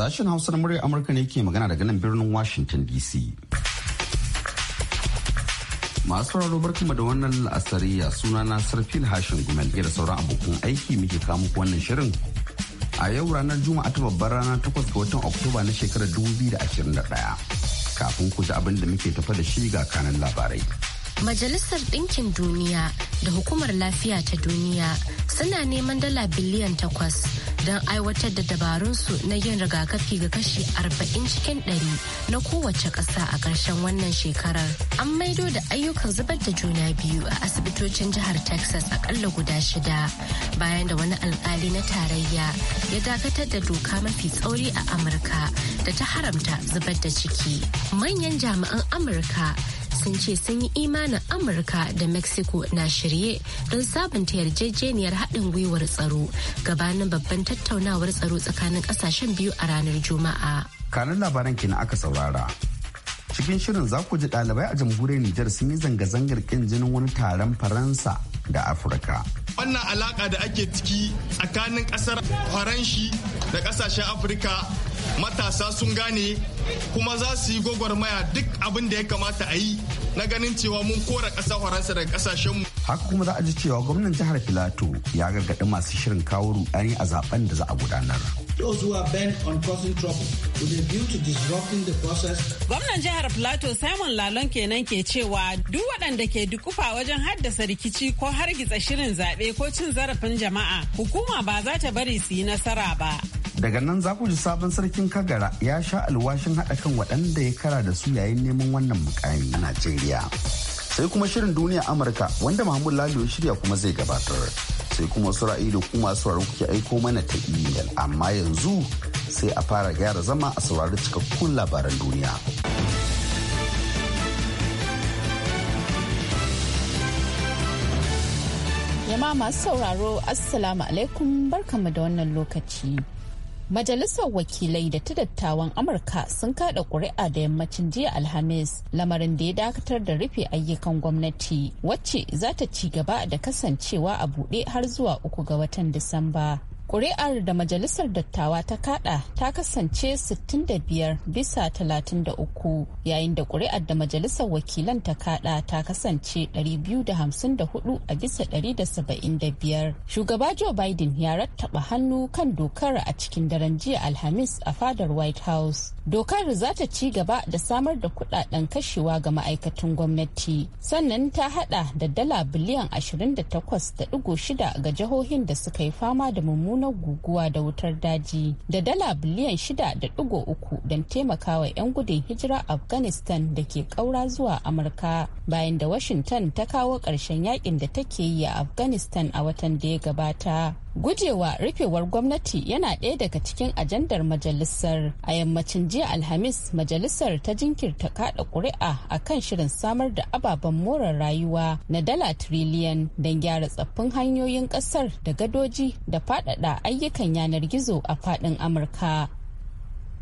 Sashen Hausa na muryar Amurka ne ke magana daga nan birnin Washington DC. Masu raro barkama da wannan la'asari ya suna na Sarfil Hashin Gumel da sauran abokan aiki muke kamu wannan shirin. A yau ranar Juma'a ta babbar rana takwas ga watan Oktoba na shekarar da da ɗaya. kafin ku ji abin da muke tafa da shi ga kanan labarai. Majalisar Ɗinkin Duniya da Hukumar Lafiya ta Duniya suna neman dala biliyan takwas don aiwatar da dabarun su na yin rigakafi ga kashi 40 cikin 100 na kowace ƙasa a ƙarshen wannan shekarar. An maido da ayyukan zubar da juna biyu a asibitocin jihar Texas akalla guda shida bayan da wani alkali na tarayya ya dakatar da doka mafi tsauri a Amurka da ta haramta zubar da ciki. Manyan jami'an Amurka sun ce sun yi imanin amurka da mexico na shirye don sabunta yarjejeniyar haɗin gwiwar tsaro gabanin babban tattaunawar tsaro tsakanin ƙasashen biyu a ranar juma'a kanun labaran kenan aka saurara cikin shirin za ku ji ɗalibai a jamhuriyar nijar sun yi zanga-zangar ƙin jinin wani taron faransa da afirka wannan alaka da ake ciki tsakanin ƙasar faranshi da ƙasashen afirka matasa sun gane kuma za su yi gwagwarmaya duk abin da ya kamata a yi na ganin cewa mun kora ƙasa faransa daga ƙasashen mu haka kuma za a ji cewa gwamnan jihar filato ya gargaɗi masu shirin kawo rudani a zaben da za a gudanar those who are bent on causing trouble with a view to disrupting the process. Gwamnan jihar filato Simon Lalon kenan ke cewa duk waɗanda ke dukufa wajen haddasa rikici ko hargitsa shirin zaɓe ko cin zarafin jama'a hukuma ba za ta bari su yi nasara ba. daga nan za ku ji sabon sarkin kagara ya sha alwashin haɗa kan waɗanda ya kara da su yayin neman wannan mukami a najeriya sai kuma shirin duniya amurka wanda mahmud lalo shirya kuma zai gabatar sai kuma su ra'ayi da kuma sauraron kuke aiko mana ta imel amma yanzu sai a fara gyara zama a saurari cikakkun labaran duniya jama'a masu sauraro assalamu alaikum barkanmu da wannan lokaci Majalisar wakilai da ta dattawan Amurka sun kada ƙuri'a da yammacin jiya Alhamis lamarin da ya dakatar da rufe ayyukan gwamnati wacce za ta ci gaba da kasancewa a buɗe har zuwa uku ga watan Disamba. Ƙuri'ar da Majalisar Dattawa ta kaɗa ta kasance 65 bisa 33 yayin da ƙuri'ar da Majalisar Wakilan ta kaɗa ta kasance 254 a bisa 175. Shugaba Joe Biden ya rattaba hannu kan dokar a cikin daren jiya Alhamis a fadar White House. Dokar za ta ci gaba da samar da kudaden kashewa ga ma'aikatan gwamnati sannan ta hada da dala biliyan 28.6 ga jihohin da suka yi fama da mummunan mummunar guguwa da wutar daji da dala biliyan shida da 6.3 don taimakawa 'yan gudun hijira afghanistan da ke ƙaura zuwa amurka bayan da washington ta kawo ƙarshen yakin da take yi a afghanistan a watan da ya gabata gujewa rufewar gwamnati yana ɗaya daga cikin ajandar majalisar a yammacin jiya alhamis majalisar ta jinkirta kaɗa ƙuri'a a kan shirin samar da ababen more rayuwa na dala tiriliyan don gyara tsaffin hanyoyin ƙasar da gadoji da faɗaɗa ayyukan yanar gizo a faɗin amurka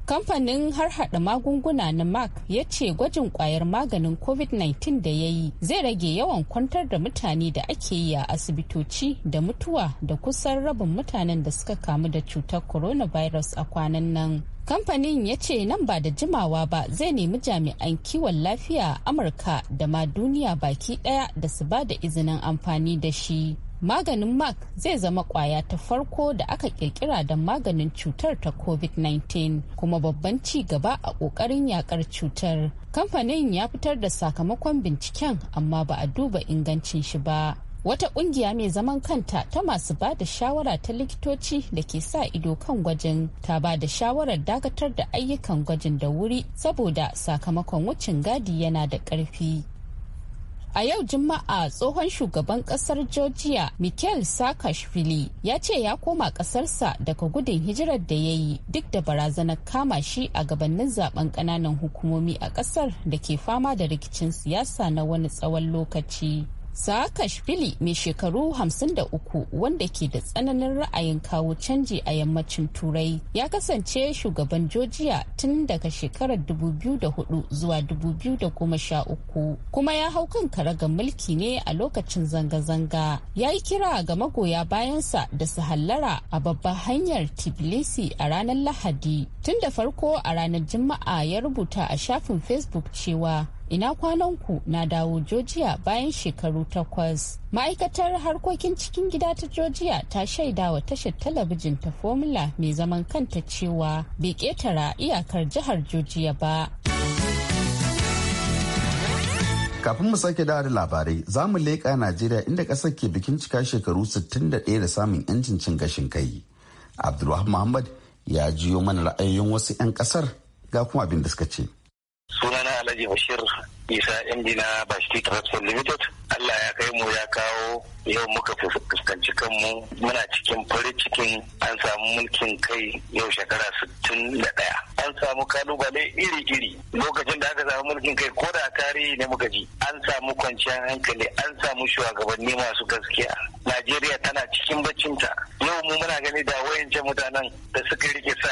kamfanin har hada magunguna na mac ya ce gwajin kwayar maganin covid-19 da ya yi zai rage yawan kwantar da mutane da ake yi a asibitoci da mutuwa da kusan rabin mutanen da suka kamu da cutar coronavirus a kwanan nan kamfanin ya ce nan ba da jimawa ba zai nemi jami'an kiwon lafiya amurka da ma duniya baki ɗaya da su ba da izinin amfani da shi maganin mark zai zama kwaya ta farko da aka kirkira da maganin cutar ta covid-19 kuma babban ci gaba a kokarin yakar cutar kamfanin ya fitar da sakamakon binciken amma ba a duba ingancin shi ba wata kungiya mai zaman kanta ta masu ba da shawara ta likitoci da ke sa ido kan gwajin ta ba da shawarar dakatar da ayyukan gwajin da wuri saboda sakamakon wucin gadi yana da ƙarfi A yau Juma'a tsohon shugaban kasar Georgia Mikhail Saakashvili ya ce ya koma kasarsa daga gudun hijirar da ya yi duk da barazanar kama shi a gabanin zaben kananan hukumomi a kasar da ke fama da rikicin siyasa na wani tsawon lokaci. saakashvili mai shekaru 53 wanda ke da tsananin ra'ayin kawo canji a yammacin turai ya kasance shugaban georgia tun daga shekarar 2004 zuwa 2013 kuma ya hau kan karagar mulki ne a lokacin zanga-zanga ya yi kira ga magoya bayansa da su hallara a babbar hanyar tbilisi a ranar lahadi tun da farko a ranar juma'a ya rubuta a shafin facebook cewa ina kwananku na dawo georgia bayan shekaru takwas ma'aikatar harkokin cikin gida ta georgia ta shaida wa tashar talabijin ta formula mai zaman kanta cewa bai ketara iyakar jihar georgia ba kafin mu sake da labarai za mu leƙa najeriya inda ƙasar ke bikin cika shekaru 61 da samun 'yancin cin gashin kai abdulrahman muhammad ya jiyo mana ra'ayoyin wasu 'yan kasar ga kuma abin da suka ce. Alhaji Bashir Isa MD na Bashti Transport Limited. Allah ya kai mu ya kawo yau muka fuskanci kanmu muna cikin farin cikin an samu mulkin kai yau shekara sittin da ɗaya. An samu kalubale iri-iri lokacin da aka samu mulkin kai ko da tarihi ne muka ji. An samu kwanciyar hankali an samu shugabanni masu gaskiya. Najeriya tana cikin baccinta. Yau mu muna gani da wayancan mutanen da suka rike sa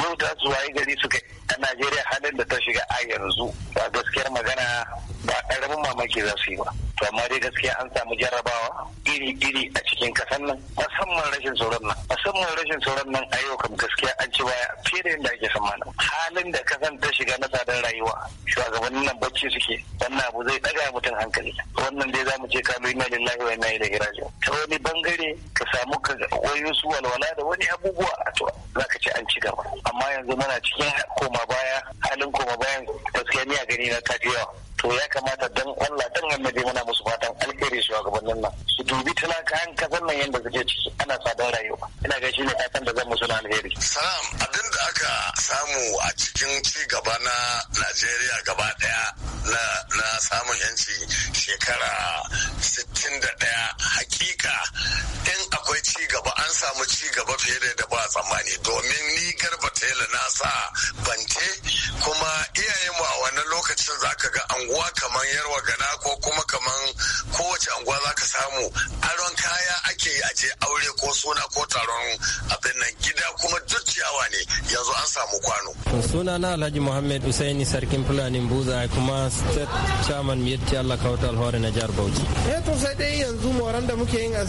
yau ta su waye gari suka a najeriya halin da ta shiga a yanzu ba gaskiyar magana ba ƙaramin mamaki za su yi ba to amma dai gaskiya an samu jarrabawa iri-iri a cikin kasan nan musamman rashin tsoron nan musamman rashin tsoron nan a yau kam gaskiya an ci baya fiye da yadda ake tsammanin. halin da kasan ta shiga na tsadar rayuwa shugabannin nan bacci suke wannan abu zai ɗaga mutum hankali wannan dai za mu ce kalu ina lillahi wa ina ilaihi raji'un ta wani bangare ka samu ka wayo su walwala da wani abubuwa to za ka ci an ci gaba amma yanzu muna cikin koma baya halin koma bayan gaskiya ni a gani na ta yawa to ya kamata dan Allah dan annabi muna musu fatan alheri shugabannin nan dubi talakayan kasan nan yadda suke ciki ana sadar rayuwa ina ga shi ne kasan da zan musu na alheri salam abin da aka samu a cikin ci gaba na najeriya gaba daya na na samun yanci shekara 61 hakika in akwai ci gaba an samu ci gaba fiye da yadda ba a tsammani domin ni garba tela na sa bante kuma iyayen mu a wannan lokacin zaka ga anguwa kamar yarwa gana ko kuma kamar kowace anguwa zaka samu aron kaya ake yi je aure ko suna ko taron abin nan gida kuma duk ciyawa ne yanzu an samu kwano. suna na alhaji muhammad usaini sarkin fulani buza kuma state chairman miyatti allah kawata alhawar na jihar bauchi. eh to sai dai yanzu moran da muke yin a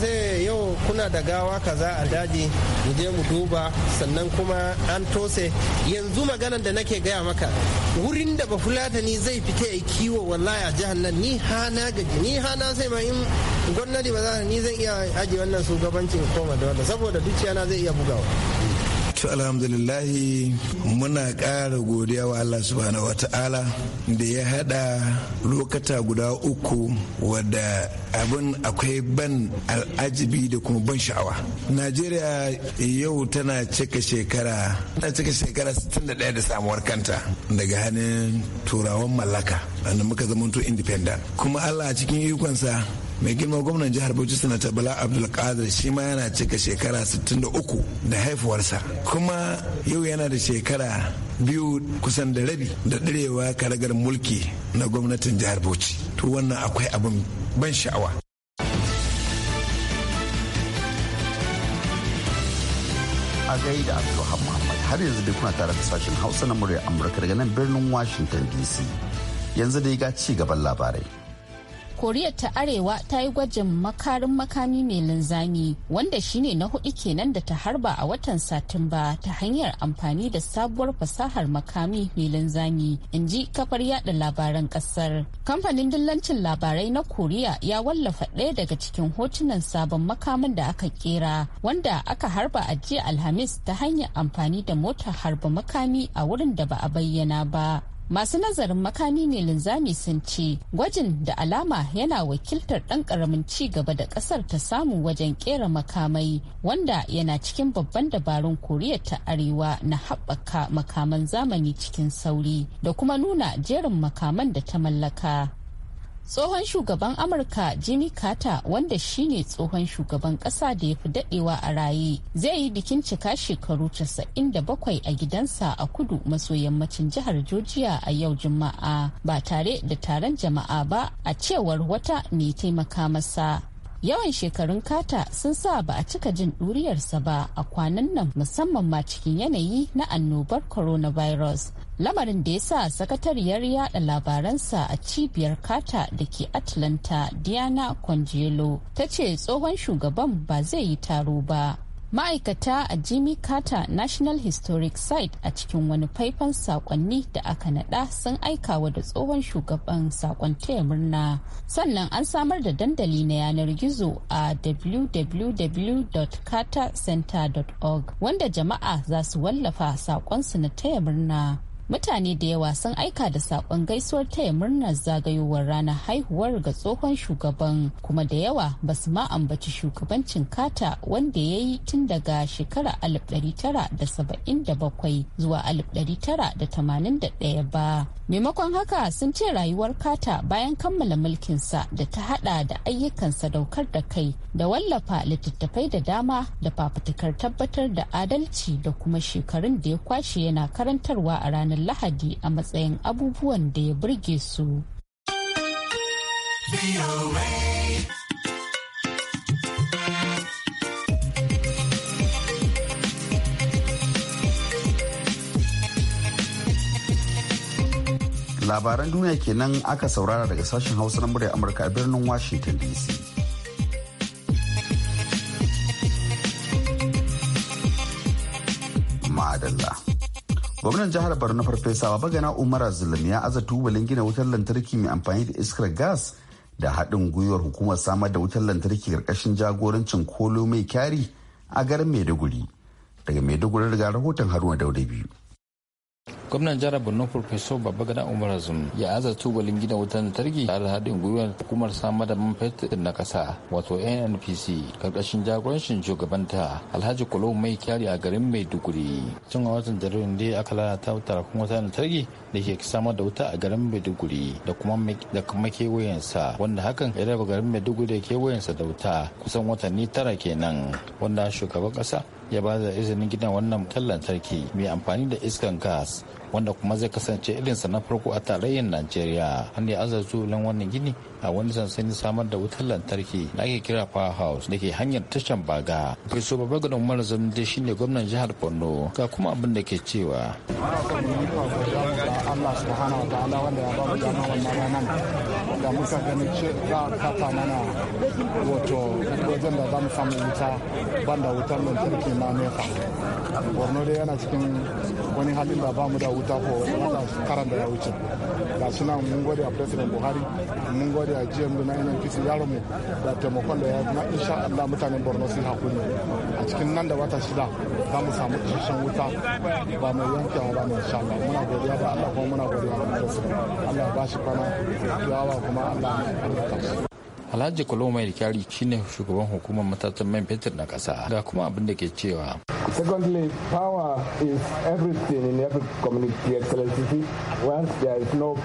yau kuna da gawa kaza a daji mu je mu duba sannan kuma an tose yanzu maganan da nake gaya maka wurin da ba fulatani zai fita ya kiwo wallahi a jihar nan ni hana gaji ni hana sai ma in gwamnati ba za ni zan iya aji wannan shugabancin koma da wanda saboda dukiya na zai iya bugawa to alhamdulillahi muna ƙara godiya wa Allah subhanahu wata'ala da ya hada lokata guda uku wadda abin akwai ban al'ajibi da kuma ban sha'awa najeriya yau tana cika shekara tana cika shekara 61 da samuwar kanta daga hannun turawan mallaka wanda muka to independent kuma Allah cikin ikonsa mai girma gwamnan jihar bauchi sanata bala abdulkadir shi ma yana cika shekara 63 da haifuwarsa kuma yau yana da shekara biyu kusan da rabi da ɗarewa karagar mulki na gwamnatin jihar bauchi to wannan akwai abin ban sha'awa a gaida Abdulham Muhammad har yanzu dai kuna tare da sashen Hausa na murya Amurka daga nan birnin Washington DC. Yanzu dai ga ci gaban labarai. koriya ta arewa ta yi gwajin makarin makami mai linzami wanda shine na hudu kenan da ta harba a watan satumba ta hanyar amfani da sabuwar fasahar makami mai linzami in ji kafar yada labaran kasar kamfanin dillancin labarai na koriya ya wallafa ɗaya daga cikin hotunan sabon makamin da aka kera wanda aka harba a jiya alhamis ta hanyar amfani da motar harba makami a wurin da ba a bayyana ba masu nazarin makami ne linzami sun ce gwajin da alama yana wakiltar ɗan ƙaramin ci gaba da ƙasar ta samu wajen ƙera makamai wanda yana cikin babban dabarun koriya ta arewa na haɓaka makaman zamani cikin sauri da kuma nuna jerin makaman da ta mallaka tsohon shugaban amurka jimmy carter wanda shi ne tsohon shugaban kasa da ya fi dadewa a raye zai yi bikin cika shekaru 97 a gidansa a kudu maso yammacin jihar georgia a yau juma'a ba tare da taron jama'a ba a cewar wata mai taimaka masa yawan shekarun kata sun sa ba a cika jin ɗuriyarsa ba a kwanan nan musamman ma cikin yanayi na annobar coronavirus lamarin da ya sa sakatariyar yada labaransa a cibiyar kata da ke atlanta diana congelo ta ce tsohon shugaban ba zai yi taro ba ma'aikata a jimmy carter national historic site a cikin wani faifan sakonni da aka nada sun aika wa da tsohon shugaban sakon taya murna sannan an samar da dandali na yanar gizo a www.cartercenter.org wanda jama'a za su wallafa sakonsu na taya murna mutane da yawa sun aika da sakon gaisuwar taya murnar zagayowar ranar haihuwar ga tsohon shugaban kuma da yawa ba su ma ambaci shugabancin kata wanda ya yi tun daga shekara 1977 zuwa 1981 ba maimakon haka sun ce rayuwar kata bayan kammala mulkinsa da ta hada da ayyukan sadaukar da kai da wallafa littattafai da dama da fafutukar tabbatar da adalci da kuma shekarun da ya kwashe yana karantarwa a ranar lahadi a matsayin abubuwan da ya burge su. labaran duniya kenan aka saurara daga sashen hausa na murya amurka a birnin washington dc madalla gwamnan jihar borno farfesa bagana umar zulum ya aza tubalin gina wutar lantarki mai amfani da iskar gas da haɗin gwiwar hukumar samar da wutar lantarki ƙarƙashin jagorancin kolo mai kyari a garin maiduguri daga maiduguri daga rahoton haruna dauda biyu gwamnan jihar borno professor babagana umar azum ya aza tubalin gina wutar lantarki tare da haɗin gwiwar hukumar samar da man fetur na ƙasa wato nnpc karkashin jagorancin shugabanta alhaji kulo mai kyari a garin maiduguri tun a watan jaririn da aka lalata wutar tarakun wutar lantarki da ke samar da wuta a garin maiduguri da kuma da kuma kewayensa wanda hakan ya raba garin maiduguri da kewayensa da wuta kusan watanni tara kenan wanda shugaban ƙasa ya ba da izinin gidan wannan wutan lantarki mai amfani da iskan gas wanda kuma zai kasance irinsa na farko a tarayyar najeriya an yi azazu wannan gini a wani sansanin samar da wutar lantarki da ake kira power house da ke hanyar tashan baga bai so babbar gadon umar shi shine gwamnan jihar borno ga kuma abin da ke cewa ya ba mu wannan da muka gani ce za a kafa mana wato wajen da za mu samu wuta banda wutar lantarki na nefa borno dai yana cikin wani halin da ba mu da wuta ko wata karan da ya wuce ga shi nan mun gode a president buhari mun gode a gm na nnpc yaron mu da taimakon da ya na insha allah mutanen borno sun hakuri a cikin nan da wata shida za mu samu isasshen wuta ba mai yankewa ba ne insha allah muna godiya da allah kuma muna godiya da allah ba shi kwana yawa kuma allah ya Alhaji Kolomai Kyari shine shugaban hukumar matatan man fetur na ƙasa ga kuma abin da ke cewa. Secondly, power is everything in every community, Excellency. Once there is no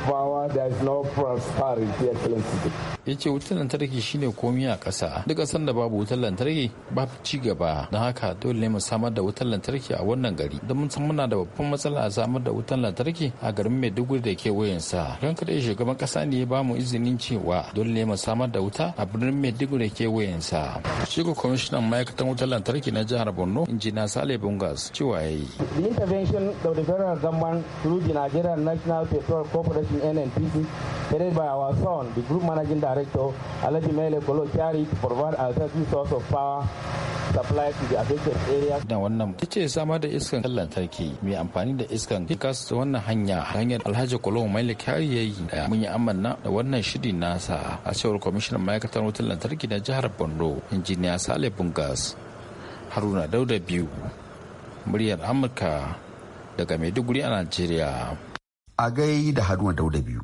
no prosperity, Excellency. ya ce wutar lantarki shine komi a ƙasa duk ƙasar da babu wutar lantarki ba ci gaba don haka dole ne mu samar da wutar lantarki a wannan gari don mun san muna da babban matsala a samar da wutar lantarki a garin maiduguri da kewayensa don kaɗai shugaban ƙasa ne ya bamu izinin cewa dole ne mu samar da wutar mata a birnin maiduguri kewayensa shi ko kwamishinan ma'aikatan wutar lantarki na jihar borno injina sale bungas cewa ya yi the intervention of the federal government through the nigerian national petrol corporation nnpc headed by our son the group managing director alhaji mele kolo kyari to provide a source of power supply to the affected area. Da wannan ta ce samar da iskan lantarki mai amfani da iskan gas wannan hanya hanyar Alhaji Kolon mai Kyari ya yi mun yi amanna da wannan shiri nasa a cewar kwamishinan ma'aikatar wutar lantarki na jihar Borno injiniya Sale Bungas Haruna Dauda biyu muryar Amurka daga Maiduguri a Najeriya. A gai da Haruna Dauda biyu.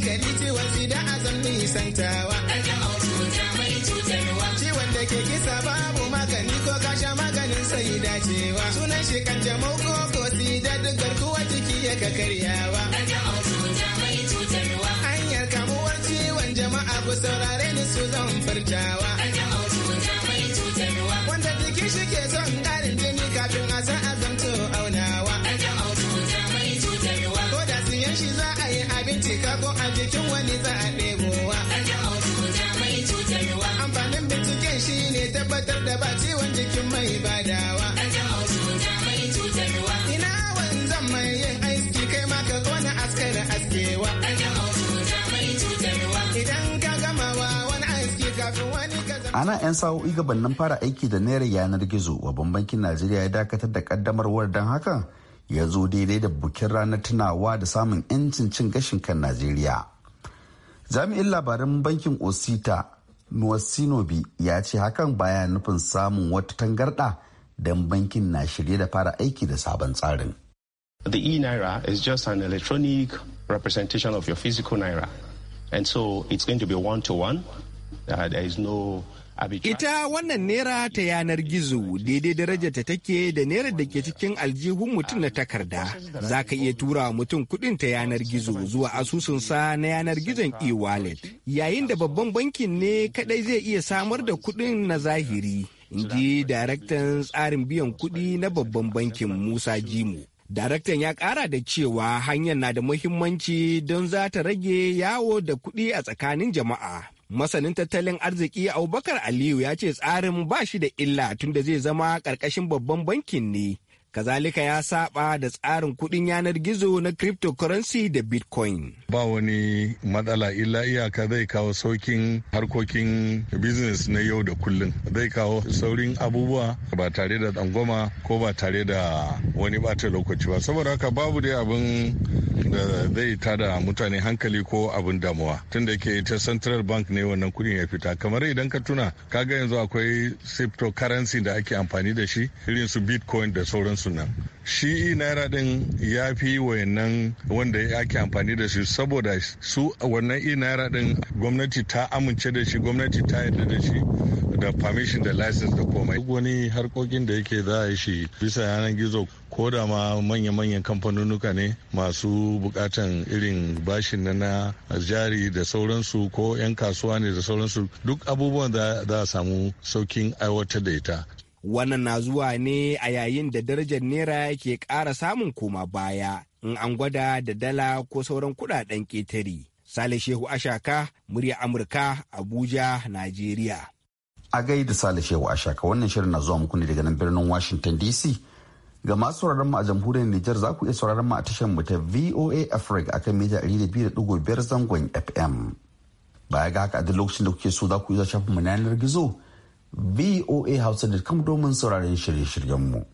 hankali ciwon sida a zan nisantawa. Ciwon da ke kisa babu magani ko gasha maganin sai dacewa. Sunan shi kan jamau ko ko da duk garkuwa jiki ya ka karyawa. Hanyar kamuwar ciwon jama'a ku saurare ni su zan furtawa. Wanda jiki shi ke son ƙarin jini kafin a san rago a jikin wani za a ɗebowa. Amfanin binciken shi ne tabbatar da ba ciwon jikin mai badawa. Ina wanzan mai yin aiki kai ma ka kona askara askewa. Idan ka gamawa wani aiki kafin wani ana 'yan sa'o'i gabanin fara aiki da naira yanar gizo wa bankin najeriya ya dakatar da kaddamarwar don hakan ya zo daidai da bukin ranar tunawa da samun 'yancin cin gashin kan najeriya jami'in labaran bankin osita nuwasinobi ya ce hakan baya nufin samun wata tangarɗa don bankin na shirye da fara aiki da sabon tsarin the e-naira is just an electronic representation of your physical naira and so it's going to be one to one uh, there is no Ita wannan naira ta yanar gizo daidai daraja ta take da naira da ke cikin aljihun mutum na takarda. Za ka iya tura mutum kudin ta yanar gizo zuwa asusunsa na yanar gizon e-wallet. Yayin da babban bankin ne kadai zai iya samar da kudin na zahiri. Inji daraktan tsarin biyan kudi na babban bankin Musa Jimu. Daraktan ya kara da cewa hanyar na da muhimmanci don za ta rage yawo da kudi a tsakanin jama'a. masanin tattalin arziki abubakar aliyu ya ce tsarin ba shi da illa tunda zai zama ƙarƙashin babban bankin ne kazalika ya saba da tsarin kudin yanar gizo na cryptocurrency da bitcoin ba wani matsala illa iyaka zai kawo saukin harkokin business na yau da kullun. zai kawo saurin abubuwa ba tare da tsangwama ko ba tare da wani bata lokaci ba saboda haka babu dai abin da zai tada mutane hankali ko abin damuwa tunda yake ita central bank ne wannan kudin ya fita kamar idan ka tuna kaga yanzu akwai cryptocurrency da ake amfani da shi irin su bitcoin da sauran suna shi naira din ya fi wayannan wanda ake amfani da shi saboda su wannan i naira din gwamnati ta amince da shi gwamnati ta yarda da shi da permission da license da komai wani harkokin da yake za a yi shi bisa yanar gizo ko da ma manya-manyan kamfanonuka ne masu bukatan irin bashin na jari da sauransu ko 'yan kasuwa ne da sauransu duk abubuwan da za a samu saukin aiwatar da ita Wannan na zuwa ne a yayin da darajar Naira ke kara samun koma baya in an gwada da dala ko sauran kudaden ƙetare. Sale Shehu Ashaka, murya Amurka, Abuja, Najeriya. A gaida Sale Shehu Ashaka wannan shirin na zuwa muku ne daga nan birnin Washington DC. Ga masu sauraron mu a jamhuriyar Nijar za ku iya sauraron mu a tashar mu ta VOA Africa akan mita 200.5 zangon FM. Baya ga haka a duk lokacin da kuke so za ku iya shafin mu na yanar gizo voa hausa da hausa.com domin sauraron shirye-shiryenmu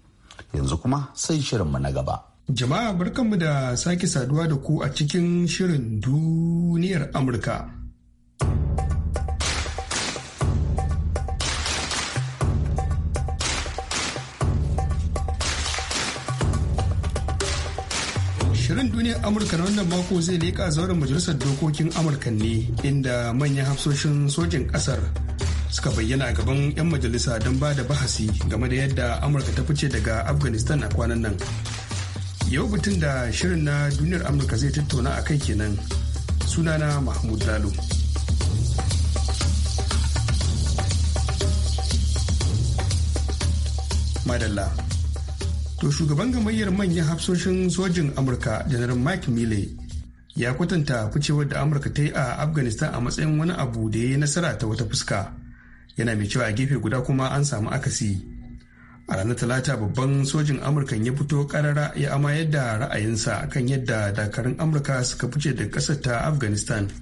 yanzu kuma sai shirinmu na gaba jama'a barkanmu da sake saduwa da ku a cikin shirin duniyar amurka Shirin duniyar Amurka na wannan mako zai leƙa zauren majalisar dokokin Amurka ne inda manyan hafsoshin sojin ƙasar suka bayyana a gaban 'yan majalisa don ba da bahasi game da yadda amurka ta fice daga afghanistan a kwanan nan yau batun da shirin na duniyar amurka zai tattauna a kai kenan sunana mahmud lalo madalla to shugaban gamayyar manyan hafsoshin sojin amurka janar mike milley ya kwatanta ficewar da amurka ta yi a afghanistan a matsayin wani abu da ya yi nasara ta wata fuska yana mai cewa a gefe guda kuma an samu akasi a ranar talata babban sojin amurka ya fito karara ya ama yadda ra'ayinsa kan yadda dakarun amurka suka fice da ƙasar ta afghanistan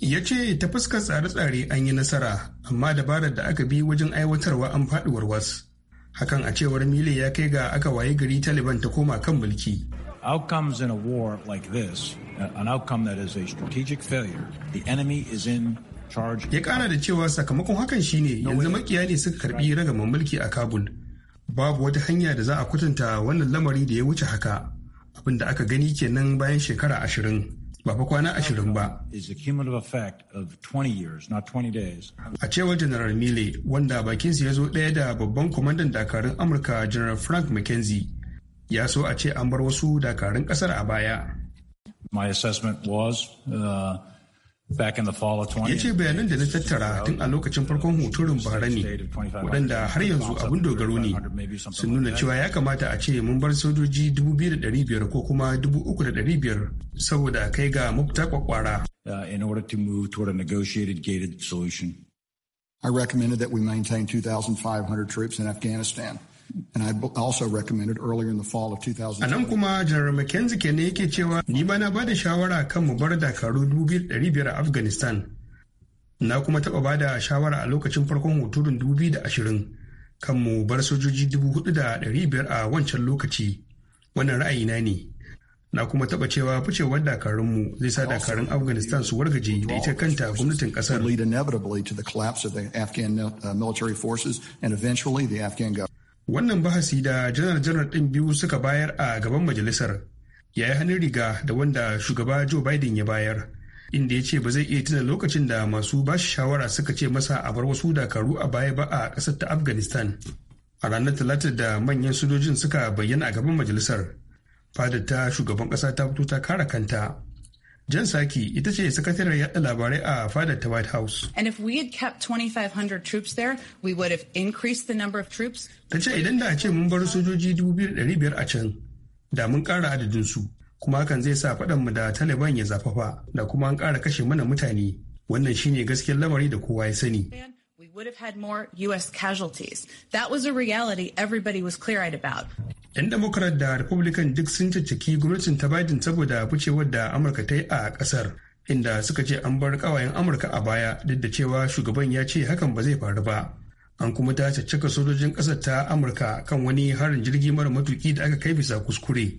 ya ce ta fuskar tsare-tsare an yi nasara amma dabarar da aka bi wajen aiwatarwa an faɗi warwas hakan a cewar mile ya kai ga aka waye gari taliban ta koma kan mulki Outcomes in a war like this, uh, an outcome that is a strategic failure, the enemy is in charge. Ya kara da cewa sakamakon hakan shine yanzu makiya ne suka karbi ragaman mulki a Kabul. Babu wata hanya da za a kwatanta wannan lamari da ya wuce haka. Abin da aka gani kenan bayan shekara ashirin. Ba fa kwana ashirin ba. A cewar General Mille, wanda bakinsa ya zo ɗaya da babban kwamandan dakarun Amurka General Frank McKenzie. ya so a ce an bar wasu dakarun kasar a baya. My assessment was uh, back in the fall of 20. Ya ce bayanan da na tattara tun a lokacin farkon bara ne waɗanda har yanzu abin dogaro ne sun nuna cewa ya kamata a ce mun bar sojoji 2,500 ko kuma 3,500 saboda kai ga mafita kwakwara. Uh, in order to move toward a negotiated gated solution. I recommended that we maintain 2,500 troops in Afghanistan. And I also recommended earlier in the fall of 2000. A kuma Janar McKenzie ke ne yake cewa ni ba na ba da shawara kan mu bar dakaru 2,500 a Afghanistan. Na kuma ba da shawara a lokacin farkon hoturin 2020 kan mu bar sojoji 4,500 a wancan lokaci. Wannan ne. Na kuma cewa ficewar zai sa dakarun Afghanistan su wargaje da ita kanta gwamnatin wannan bahasi da janar-janar ɗin biyu suka bayar a gaban majalisar ya yi hannun riga da wanda shugaba joe biden ya bayar inda ya ce ba zai iya tuna lokacin da masu bashi shawara suka ce masa a bar wasu dakaru a baya ba a ƙasar ta afghanistan a ranar talata da manyan sojojin suka bayyana a gaban majalisar fadar ta shugaban ƙasa ta fito ta kara kanta Jan Saki ita ce sakataren yada labarai a fadar ta White House. And if we had kept 2,500 troops there, we would have increased the number of troops. Ta ce idan da a ce mun bar sojoji 2,500 a can, da mun kara ƙara su kuma hakan zai sa mu da Taliban ya zafafa, da kuma an kara kashe mana mutane. Wannan shine gaskiyar lamari da kowa ya sani. would have had more U.S. casualties. That was a reality everybody was clear-eyed about. 'Yan Democrat da Republican duk sun cicciki gwamnatin ta Biden saboda ficewar da Amurka ta yi a ƙasar, inda suka ce an bar ƙawayen Amurka a baya duk da cewa shugaban ya ce hakan ba zai faru ba. An kuma ta caccaka sojojin ƙasar ta Amurka kan wani harin jirgi mara matuki da aka kai bisa kuskure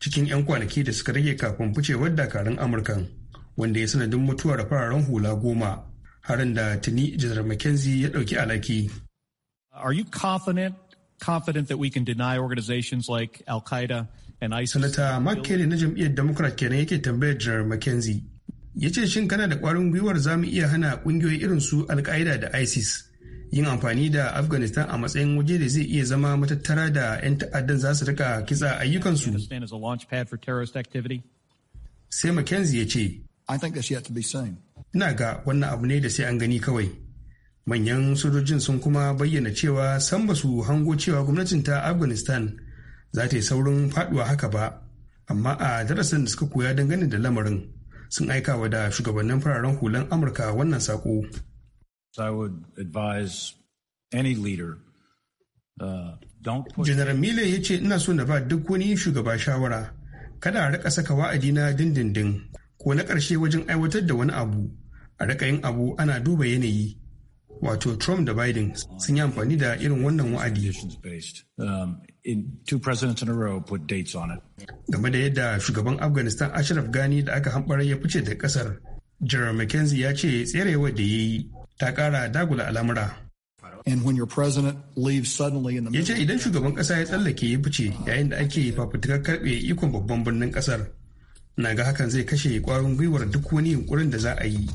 cikin 'yan kwanaki da suka rage kafin ficewar dakarun Amurkan, wanda ya sanadin mutuwar fararen hula goma harin da tuni janar mckenzie ya ɗauki alaki are you confident confident that we can deny organizations like al qaeda and isis sanata mark na jam'iyyar democrat kenan yake tambayar janar mckenzie ya ce shin kana da kwarin gwiwar za mu iya hana kungiyoyi irin su al qaeda da isis yin amfani da afghanistan a matsayin waje da zai iya zama matattara da 'yan ta'addan za su rika kitsa ayyukansu sai mckenzie ya ce I think that's yet to be seen. ina ga wannan abu ne da sai an gani kawai manyan sojojin sun kuma bayyana cewa san ba su hango cewa gwamnatin ta afghanistan za ta yi saurin faduwa haka ba amma a darasin da suka koya dangane da lamarin sun aika wa da shugabannin fararen hulan amurka wannan sako uh, General Miller ya ce ina so na ba duk wani shugaba shawara kada a rika saka wa'adi na dindindin ko na ƙarshe wajen aiwatar da wani abu a raka yin abu ana duba yanayi wato trump da biden sun yi amfani da irin wannan wa'adi um, game da yadda shugaban afghanistan ashraf gani da aka hambara ya fice da kasar general mckenzie ya ce tserewar da ya yi ta kara dagula al'amura ya ce idan shugaban kasa ya tsallake ya fice yayin da ake fafutukar karbe ikon babban birnin kasar na ga hakan zai kashe kwarin gwiwar duk wani yunkurin da za a yi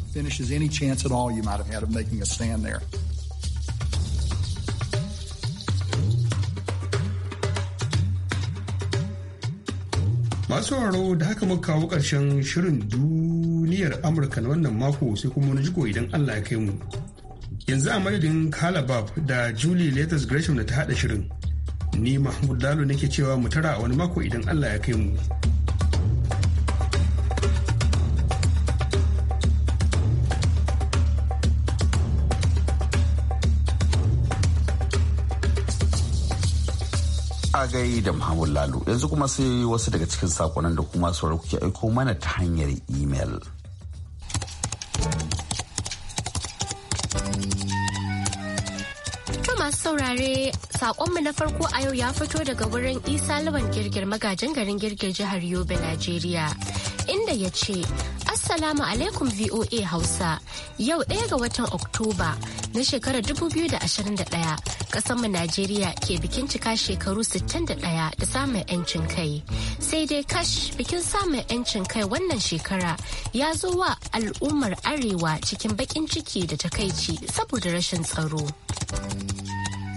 masu sauraro da haka muka kawo ƙarshen shirin duniyar amurka na wannan mako sai kuma wani jigo idan allah ya kai mu yanzu a madadin kalabab da julie Letters gresham da ta haɗa shirin ni mahmud lalo nake cewa mu tara a wani mako idan allah ya kai mu a da Muhammad lalu yanzu kuma sai wasu daga cikin sakonan da kuma su kuke aiko mana ta hanyar imel. masu saurare saƙonmu na farko a yau ya fito daga wurin isa lawan girgir magajin garin girgir jihar yobe najeriya inda ya ce assalamu alaikum voa hausa yau ɗaya ga watan oktoba na shekarar 2021 kasanmu Najeriya ke bikin cika shekaru 61 da samun 'yancin kai. Sai dai kash bikin samun 'yancin kai wannan shekara ya zo wa al'ummar arewa cikin bakin ciki da takaici saboda rashin tsaro.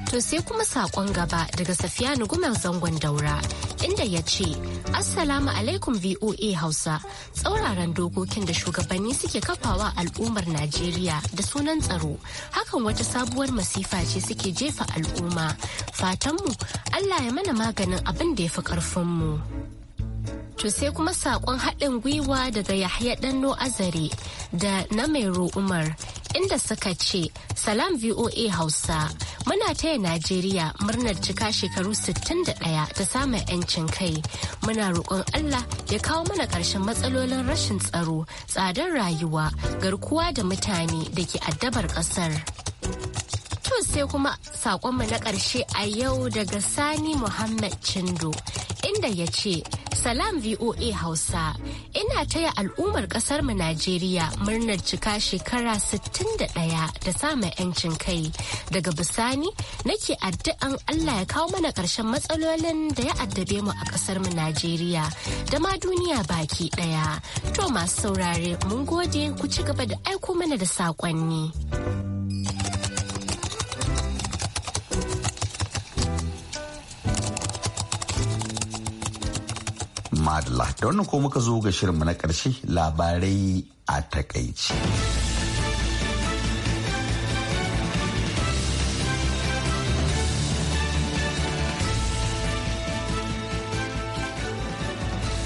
To sai kuma sakon gaba daga Safiyanu Gumar Zangon Daura inda ya ce, Assalamu alaikum VOA Hausa, tsauraran dokokin da shugabanni suke kafawa al'ummar Najeriya da sunan tsaro. Hakan wata sabuwar masifa ce suke jefa al'umma. Fatanmu, Allah ya mana maganin abin da ya fi ƙarfinmu. To sai kuma saƙon haɗin gwiwa daga Yahya Ɗanno Azare da na Mairo Umar inda suka ce salam voa hausa muna taya najeriya murnar cika shekaru 61 ta samun 'yancin kai muna roƙon allah ya kawo mana ƙarshen matsalolin rashin tsaro tsadar rayuwa garkuwa da mutane da ke addabar ƙasar to sai kuma saƙonmu na ƙarshe a yau daga sani muhammad chindo inda ya ce salam voa hausa ina taya al'ummar kasar mu najeriya murnar cika shekara 61 da samun 'yancin kai daga bisani nake addu'an allah ya kawo mana ƙarshen matsalolin da ya addabe mu a kasar mu najeriya da ma duniya baki ɗaya to masu saurare mun gode ku ci gaba da aiko mana da saƙonni. Abdullah. Da wannan ko muka zo ga shirinmu na ƙarshe labarai a takaici.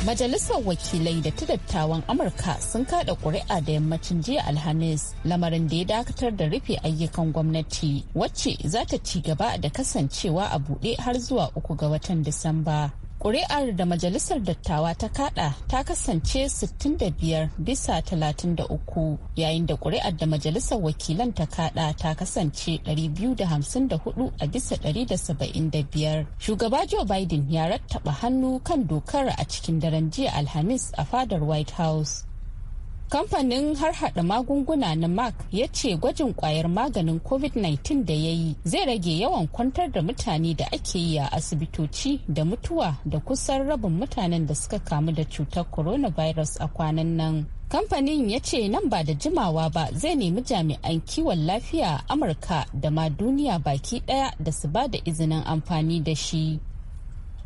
Majalisar wakilai da ta dattawan Amurka sun kada ƙuri'a da yammacin jiya Alhamis lamarin da ya dakatar da rufe ayyukan gwamnati wacce za ta ci gaba da kasancewa a buɗe har zuwa uku ga watan Disamba. ƙuri'ar da majalisar dattawa ta kaɗa ta kasance 65 bisa 33 yayin da ƙuri'ar da majalisar wakilan ta kaɗa ta kasance 254 a bisa 175 shugaba joe biden ya rattaba hannu kan dokar a cikin daren jiya alhamis a fadar white house kamfanin har hada magunguna na mark ya ce gwajin kwayar maganin covid-19 da ya yi zai rage yawan kwantar da mutane da ake yi a asibitoci da mutuwa da kusan rabin mutanen da suka kamu da cutar coronavirus a kwanan nan kamfanin ya ce nan ba da jimawa ba zai nemi jami'an kiwon lafiya amurka da ma duniya baki daya da su ba da izinin amfani da shi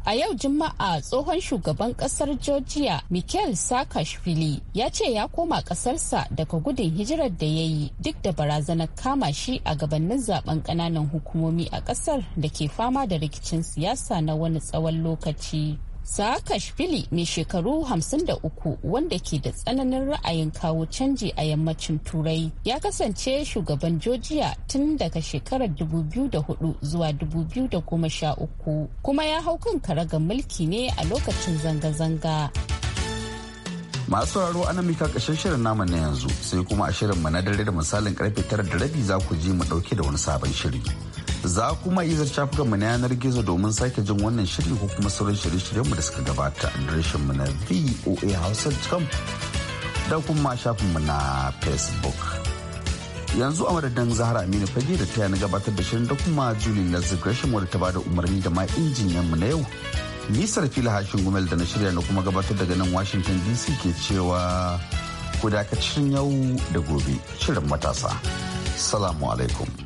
A yau Juma'a tsohon shugaban kasar Georgia Mikhail Saakashvili ya ce ya koma kasarsa daga gudun hijirar da ya yi duk da barazanar kama shi a gabanin zaben kananan hukumomi a kasar da ke fama da rikicin siyasa na wani tsawon lokaci. Saakashvili mai shekaru 53 wanda ke da tsananin ra'ayin kawo canji a yammacin Turai ya kasance shugaban Georgia tun daga shekarar 2004 zuwa 2013 kuma ya hau kan karagar mulki ne a lokacin zanga-zanga. Masu sauraro ana mika kashin shirin naman na yanzu sai kuma a shirin mu na dare da misalin karfe tara da rabi za ku ji mu ɗauke da wani sabon shiri. za kuma iya mu na yanar gizo domin sake jin wannan shirin ko kuma sauran shirye-shiryenmu da suka gabata mu na voa hausa.com da kuma mu na facebook yanzu a madadin zahara aminu fage da ta na gabatar da shirin da kuma julie lazzik rashin wadda ta bada umarni da ma mu na yau nisar fila hashin gumel da na shirya na kuma gabatar daga nan washington dc ke cewa ku dakacin yau da gobe shirin matasa salamu alaikum